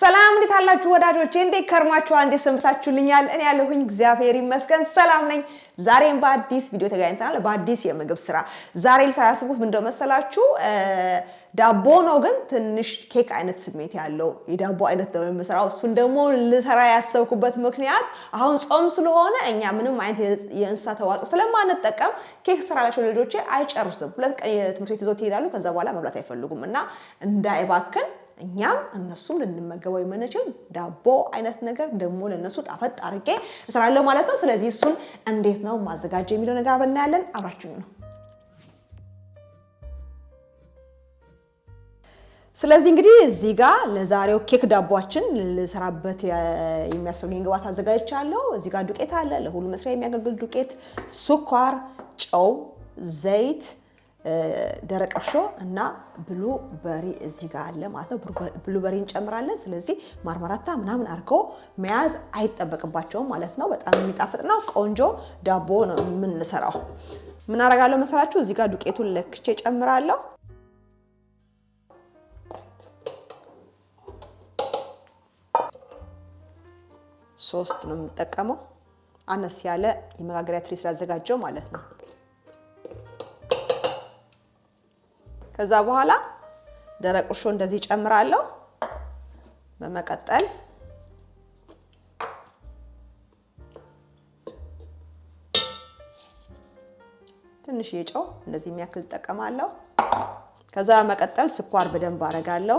ሰላም እንዴት አላችሁ ወዳጆቼ? እንዴት ከርማችሁ? እንዴት ሰንብታችሁልኛል? እኔ ያለሁኝ እግዚአብሔር ይመስገን ሰላም ነኝ። ዛሬም በአዲስ ቪዲዮ ተገናኝተናል፣ በአዲስ የምግብ ስራ። ዛሬ ሳያስቡት ምን ዳቦ ነው፣ ግን ትንሽ ኬክ አይነት ስሜት ያለው የዳቦ አይነት ነው የምሰራው። እሱን ደግሞ ልሰራ ያሰብኩበት ምክንያት አሁን ጾም ስለሆነ እኛ ምንም አይነት የእንስሳ ተዋጽኦ ስለማንጠቀም ኬክ ስራላቸው ልጆቼ አይጨርሱትም። ሁለት ቀን ትምህርት ቤት ይዞት ይሄዳሉ። ከዛ በኋላ መብላት አይፈልጉም እና እንዳይባክን እኛም እነሱም ልንመገበው የምንችል ዳቦ አይነት ነገር ደግሞ ለእነሱ ጣፈጥ አድርጌ እሰራለሁ ማለት ነው። ስለዚህ እሱን እንዴት ነው ማዘጋጀው የሚለው ነገር አብረን እናያለን። አብራችሁኝ ነው። ስለዚህ እንግዲህ እዚህ ጋር ለዛሬው ኬክ ዳቧችን ልሰራበት የሚያስፈልገኝ ግብዓት አዘጋጅቻለሁ። እዚህ ጋር ዱቄት አለ፣ ለሁሉ መስሪያ የሚያገለግል ዱቄት፣ ስኳር፣ ጨው፣ ዘይት ደረቅ እርሾ እና በሪ እዚህ ጋር አለ ማለት ነው። ብሉ በሪ እንጨምራለን። ስለዚህ ማርማራታ ምናምን አድርገው መያዝ አይጠበቅባቸውም ማለት ነው። በጣም የሚጣፍጥ ነው። ቆንጆ ዳቦ ነው የምንሰራው። ምን አረጋለሁ መሰላችሁ? እዚህ ጋር ዱቄቱን ለክቼ ጨምራለሁ። ሶስት ነው የምጠቀመው አነስ ያለ የመጋገሪያ ትሪ ስላዘጋጀው ማለት ነው። ከዛ በኋላ ደረቅ እርሾ እንደዚህ ጨምራለሁ። በመቀጠል ትንሽ የጨው እንደዚህ የሚያክል እጠቀማለሁ። ከዛ በመቀጠል ስኳር በደንብ አደርጋለሁ።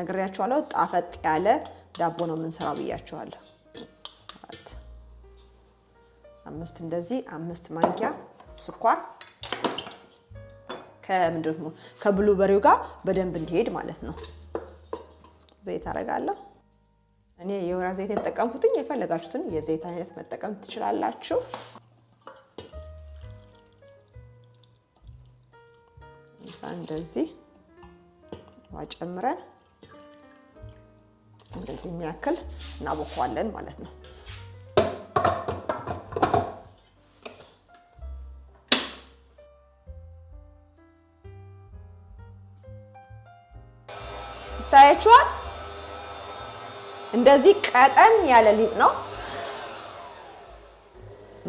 ነግሬያችኋለሁ፣ ጣፈጥ ያለ ዳቦ ነው የምንሰራው ብያችኋለሁ። አምስት እንደዚህ አምስት ማንኪያ ስኳር ከምንድን ነው ከብሉበሪው ጋር በደንብ እንዲሄድ ማለት ነው። ዘይት አደርጋለሁ። እኔ የወይራ ዘይት የተጠቀምኩትኝ የፈለጋችሁትን የዘይት አይነት መጠቀም ትችላላችሁ። እዛ እንደዚህ ጨምረን እንደዚህ የሚያክል እናቦከዋለን ማለት ነው። ታያችኋል። እንደዚህ ቀጠን ያለ ሊጥ ነው።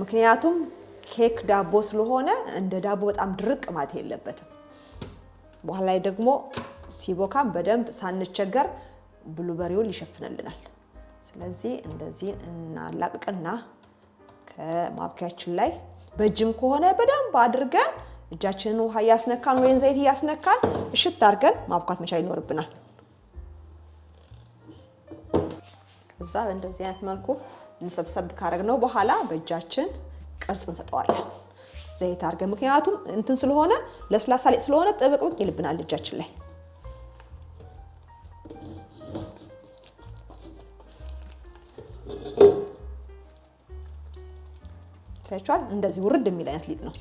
ምክንያቱም ኬክ ዳቦ ስለሆነ እንደ ዳቦ በጣም ድርቅ ማለት የለበትም። በኋላ ላይ ደግሞ ሲቦካም በደንብ ሳንቸገር ብሉበሪውን ይሸፍንልናል። ስለዚህ እንደዚህ እናላቅቅና ከማብኪያችን ላይ በእጅም ከሆነ በደንብ አድርገን እጃችንን ውሃ እያስነካን ወይም ዘይት እያስነካን እሽት አድርገን ማብኳት መቻል ይኖርብናል። እዛ እንደዚህ አይነት መልኩ እንሰብሰብ ካደረግነው በኋላ በእጃችን ቅርጽ እንሰጠዋለን። ዘይት አድርገን ምክንያቱም እንትን ስለሆነ ለስላሳ ሊጥ ስለሆነ ጥብቅብቅ ይልብናል እጃችን ላይ። ታያችኋል። እንደዚህ ውርድ የሚል አይነት ሊጥ ነው።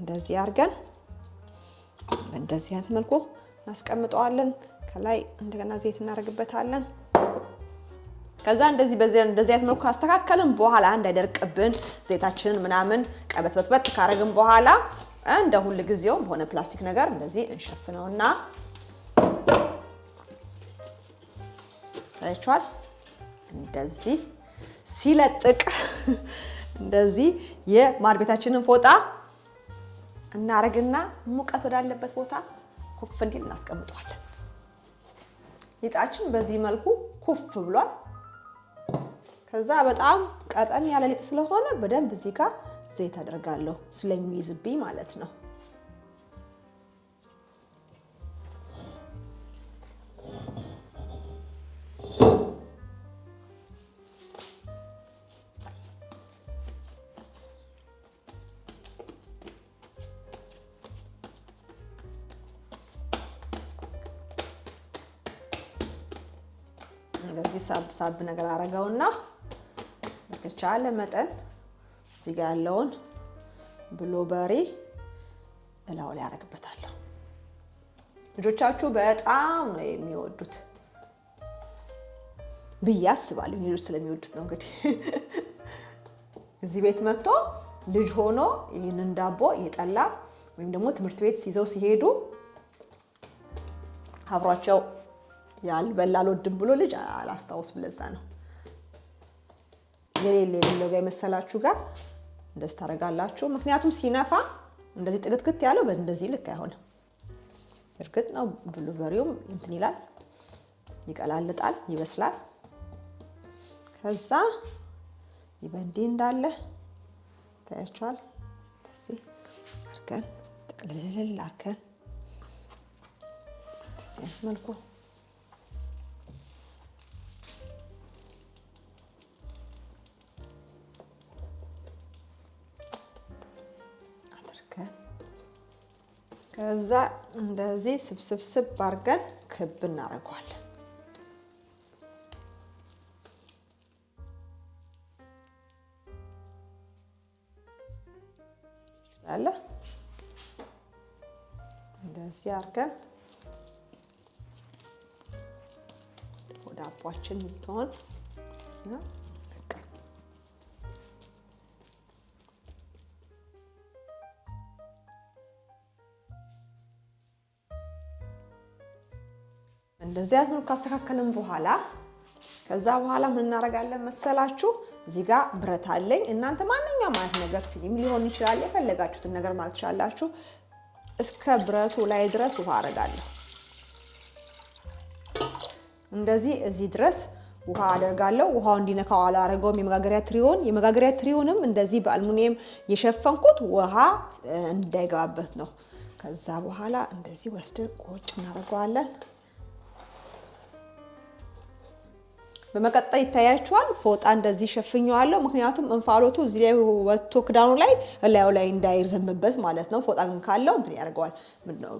እንደዚህ አርገን በእንደዚህ አይነት መልኩ እናስቀምጠዋለን። ከላይ እንደገና ዘይት እናደርግበታለን። ከዛ እንደዚህ እንደዚህ አይነት መልኩ ካስተካከልን በኋላ እንዳይደርቅብን ዘይታችንን ምናምን ቀበት በጥበጥ ካረግን በኋላ እንደ ሁል ጊዜው በሆነ ፕላስቲክ ነገር እንደዚህ እንሸፍነውና ታያችኋል። እንደዚህ ሲለጥቅ እንደዚህ የማር ቤታችንን ፎጣ እናረግና ሙቀት ወዳለበት ቦታ ኩፍ እንዲል እናስቀምጠዋለን። ሊጣችን በዚህ መልኩ ኩፍ ብሏል። ከዛ በጣም ቀጠን ያለ ሊጥ ስለሆነ በደንብ እዚህ ጋር ዘይት አደርጋለሁ ስለሚይዝብኝ ማለት ነው። እንደዚህ ሳብ ሳብ ነገር አረገውና በተቻለ መጠን እዚህ ጋር ያለውን ብሎበሪ እላው ላይ ያደርግበታለሁ። ልጆቻችሁ በጣም ነው የሚወዱት ብዬ አስባለሁ። ልጅ ስለሚወዱት ነው እንግዲህ እዚህ ቤት መጥቶ ልጅ ሆኖ ይህንን ዳቦ እየጠላ ወይም ደግሞ ትምህርት ቤት ይዘው ሲሄዱ አብሯቸው ያልበላ አልወድም ብሎ ልጅ አላስታውስ ብለዛ ነው ግሬል የሌለው ጋር የመሰላችሁ ጋር እንደዚህ ታደርጋላችሁ። ምክንያቱም ሲነፋ እንደዚህ ጥግትግት ያለው በእንደዚህ ልክ አይሆንም። እርግጥ ነው ብሉበሪውም እንትን ይላል፣ ይቀላልጣል፣ ይበስላል። ከዛ ይበንዲ እንዳለ ታያችኋል። እንደዚህ አድርገን ጠቅልልል አድርገን መልኩ ከዛ እንደዚህ ስብስብስብ አድርገን ክብ እናደርገዋለን። አለ እንደዚህ አድርገን ወደ አቧችን የምትሆን እንደዚህ አይነት መልኩ ካስተካከልን በኋላ ከዛ በኋላ ምን እናደርጋለን መሰላችሁ? እዚህ ጋር ብረት አለኝ። እናንተ ማንኛውም አይነት ነገር ሲኒም ሊሆን ይችላል፣ የፈለጋችሁትን ነገር ማለት ትችላላችሁ። እስከ ብረቱ ላይ ድረስ ውሃ አደርጋለሁ። እንደዚህ እዚህ ድረስ ውሃ አደርጋለሁ። ውሃው እንዲነካው አላረገውም። የመጋገሪያ ትሪውን የመጋገሪያ ትሪውንም እንደዚህ በአልሙኒየም የሸፈንኩት ውሃ እንዳይገባበት ነው። ከዛ በኋላ እንደዚህ ወስደን ቁጭ እናደርገዋለን። በመቀጠል ይታያችኋል። ፎጣ እንደዚህ ሸፍኘዋለሁ። ምክንያቱም እንፋሎቱ እዚህ ላይ ወጥቶ ክዳኑ ላይ እላዩ ላይ እንዳይርዘምበት ማለት ነው። ፎጣ ግን ካለው እንትን ያደርገዋል፣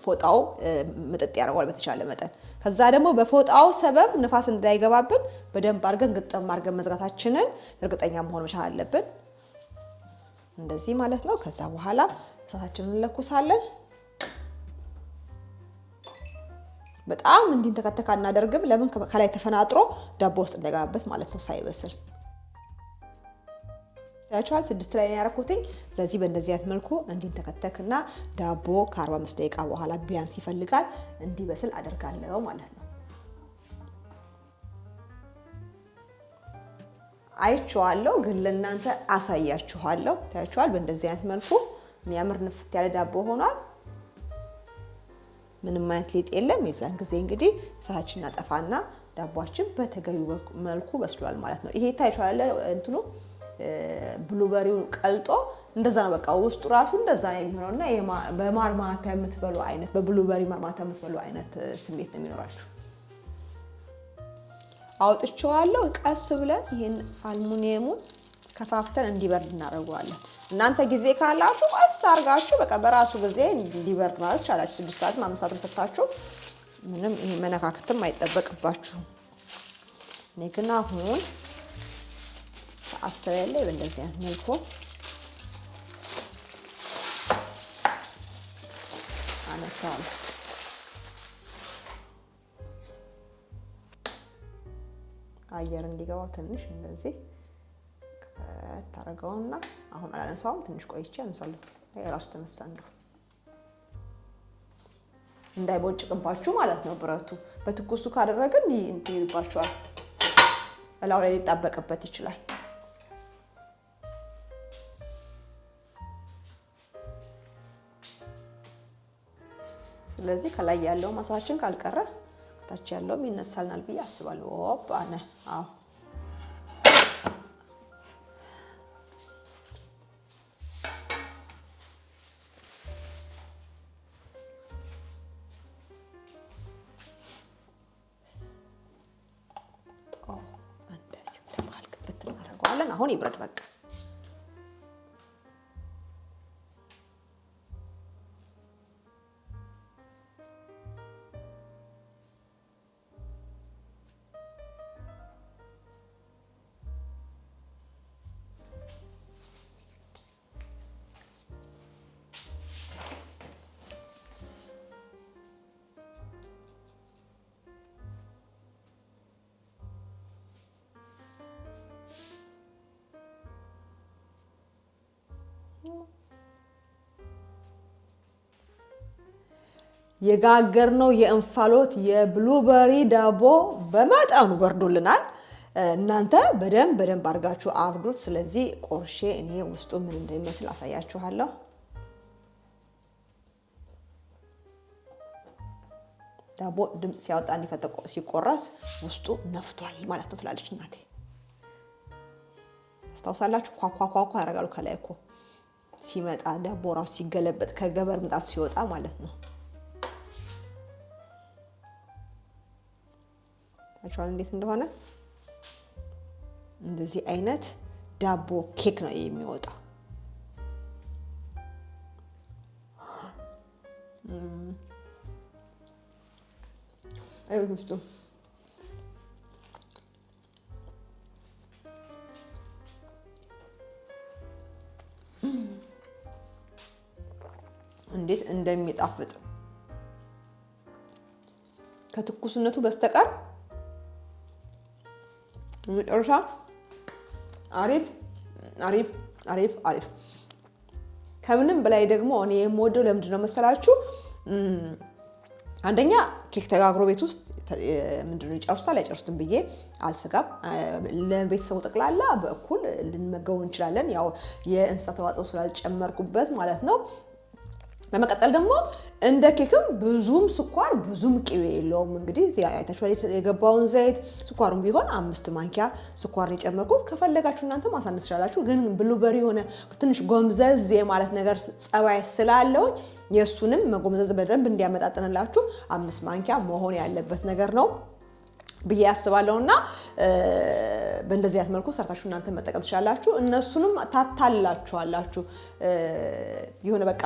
ፎጣው ምጥጥ ያደርገዋል በተቻለ መጠን። ከዛ ደግሞ በፎጣው ሰበብ ንፋስ እንዳይገባብን በደንብ አድርገን ግጥም አድርገን መዝጋታችንን እርግጠኛ መሆን መቻል አለብን። እንደዚህ ማለት ነው። ከዛ በኋላ እሳታችንን እንለኩሳለን። በጣም እንዲንተከተካ እናደርግም። ለምን ከላይ ተፈናጥሮ ዳቦ ውስጥ እንደገባበት ማለት ነው ሳይበስል ያቻል ስድስት ላይ ያረኩትኝ። ስለዚህ በእንደዚህ አይነት መልኩ ተከተክና ዳቦ ከ45 ደቂቃ በኋላ ቢያንስ ይፈልጋል እንዲበስል አደርጋለሁ ማለት ነው። አይቼዋለሁ ግን ለእናንተ አሳያችኋለሁ። ታያችኋል። በእንደዚህ አይነት መልኩ የሚያምር ንፍት ያለ ዳቦ ሆኗል። ምንም አይነት ሊጥ የለም። የዛን ጊዜ እንግዲህ እሳታችን እናጠፋና ዳቧችን በተገቢ መልኩ በስሏል ማለት ነው። ይሄ ታይቷል እንትኑ ብሉበሪው ቀልጦ እንደዛ ነው። በቃ ውስጡ ራሱ እንደዛ ነው የሚሆነውና በማርማታ የምትበሉ አይነት በብሉበሪ ማርማታ የምትበሉ አይነት ስሜት ነው የሚኖራችሁ። አውጥቼዋለሁ። ቀስ ብለን ይህን አልሙኒየሙን ከፋፍተን እንዲበርድ እናደርገዋለን። እናንተ ጊዜ ካላችሁ ቀስ አርጋችሁ በቃ በራሱ ጊዜ እንዲበርድ ማለት ቻላችሁ። ስድስት ሰዓት አምስት ሰዓትም ሰጥታችሁ ምንም ይሄ መነካከትም አይጠበቅባችሁም። እኔ ግን አሁን አስር ያለ በእንደዚህ አይነት መልኩ አነሳዋለሁ። አየር እንዲገባው ትንሽ እንደዚህ ታደርገውና አሁን አላነሳውም። ትንሽ ቆይቼ አነሳለሁ። የራሱ ተነሳ እንደው እንዳይቦጭቅባችሁ ማለት ነው። ብረቱ በትኩሱ ካደረግን እንትን ይልባችኋል፣ እላው ላይ ሊጣበቅበት ይችላል። ስለዚህ ከላይ ያለው ማሳችን ካልቀረ ከታች ያለውም ይነሳልናል ብዬ አስባለሁ። ኦፕ አነ አዎ መሆን ይምረጥ በቃ የጋገርነው የእንፋሎት የብሉበሪ ዳቦ በመጠኑ በርዶልናል። እናንተ በደንብ በደንብ አድርጋችሁ አብዱት። ስለዚህ ቆርሼ እኔ ውስጡ ምን እንደሚመስል አሳያችኋለሁ። ዳቦ ድምፅ ሲያወጣ ሲቆረስ ውስጡ ነፍቷል ማለት ነው ትላለች እናቴ። አስታውሳላችሁ? ኳኳኳኳ ያደርጋሉ ከላይ እኮ ሲመጣ ዳቦ ራሱ ሲገለበጥ ከገበር ምጣት ሲወጣ ማለት ነው። ታቸዋል እንዴት እንደሆነ እንደዚህ አይነት ዳቦ ኬክ ነው የሚወጣ። ውስጡ እንዴት እንደሚጣፍጥ ከትኩስነቱ በስተቀር መጨረሻ አሪፍ አሪፍ አሪፍ አሪፍ። ከምንም በላይ ደግሞ እኔ የምወደው ለምንድን ነው መሰላችሁ? አንደኛ ኬክ ተጋግሮ ቤት ውስጥ ምንድን ነው ይጨርሱታል አይጨርሱትም ብዬ አልሰጋም። ለቤተሰቡ ጠቅላላ በእኩል ልንመገቡ እንችላለን። ያው የእንስሳ ተዋጽኦ ስላልጨመርኩበት ማለት ነው። በመቀጠል ደግሞ እንደ ኬክም ብዙም ስኳር ብዙም ቅቤ የለውም። እንግዲህ አይታችኋል የገባውን ዘይት። ስኳሩም ቢሆን አምስት ማንኪያ ስኳር የጨመርኩት ከፈለጋችሁ እናንተ ማሳነስ ይችላላችሁ። ግን ብሉበሪ የሆነ ትንሽ ጎምዘዝ የማለት ነገር ጸባይ ስላለው የእሱንም መጎምዘዝ በደንብ እንዲያመጣጥንላችሁ አምስት ማንኪያ መሆን ያለበት ነገር ነው ብዬ ያስባለሁ እና በእንደዚህ አይነት መልኩ ሰርታችሁ እናንተ መጠቀም ትችላላችሁ። እነሱንም ታታልላችኋላችሁ የሆነ በቃ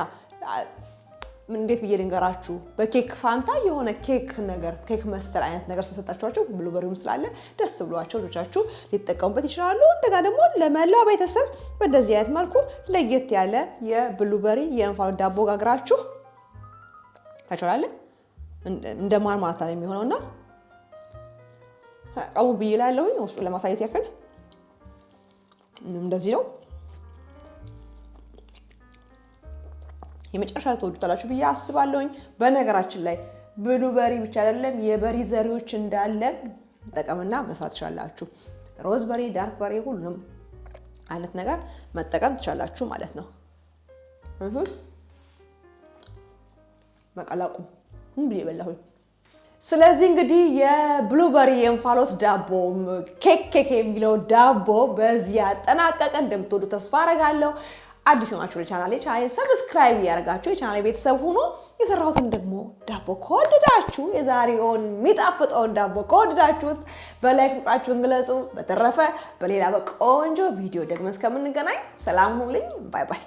እንዴት ብዬ ልንገራችሁ፣ በኬክ ፋንታ የሆነ ኬክ ነገር ኬክ መሰል አይነት ነገር ስለሰጣችኋቸው ብሉበሪውም ስላለ ደስ ብሏቸው ልጆቻችሁ ሊጠቀሙበት ይችላሉ። እንደጋ ደግሞ ለመላው ቤተሰብ በእንደዚህ አይነት መልኩ ለየት ያለ የብሉበሪ የእንፋሎት ዳቦ ጋግራችሁ እንደ ማር ማታ ነው የሚሆነው እና ቀሙ ብዬ ላለሁኝ ውስጡ ለማሳየት ያክል እንደዚህ ነው። የመጨረሻ ትወዱታላችሁ ብዬ አስባለሁኝ። በነገራችን ላይ ብሉ በሪ ብቻ አይደለም የበሪ ዘሪዎች እንዳለ መጠቀምና መስራት ትችላላችሁ። ሮዝ በሪ፣ ዳርክ በሪ፣ ሁሉም አይነት ነገር መጠቀም ትችላላችሁ ማለት ነው። መቀላቁ ብዬ በላሁኝ። ስለዚህ እንግዲህ የብሉበሪ የእንፋሎት ዳቦ ኬክ ኬክ የሚለው ዳቦ በዚህ ያጠናቀቀ እንደምትወዱ ተስፋ አረጋለሁ። አዲስ የሆናችሁ ለቻናሌ ቻናሌ ሰብስክራይብ እያደረጋችሁ የቻናሌ ቤተሰብ ሆኖ የሰራሁትን ደግሞ ዳቦ ከወደዳችሁ የዛሬውን የሚጣፍጠውን ዳቦ ከወደዳችሁት በላይክ ፍቅራችሁን ግለጹ። በተረፈ በሌላ በቆንጆ ቪዲዮ ደግሞ እስከምንገናኝ ሰላም ሁኑልኝ። ባይ ባይ።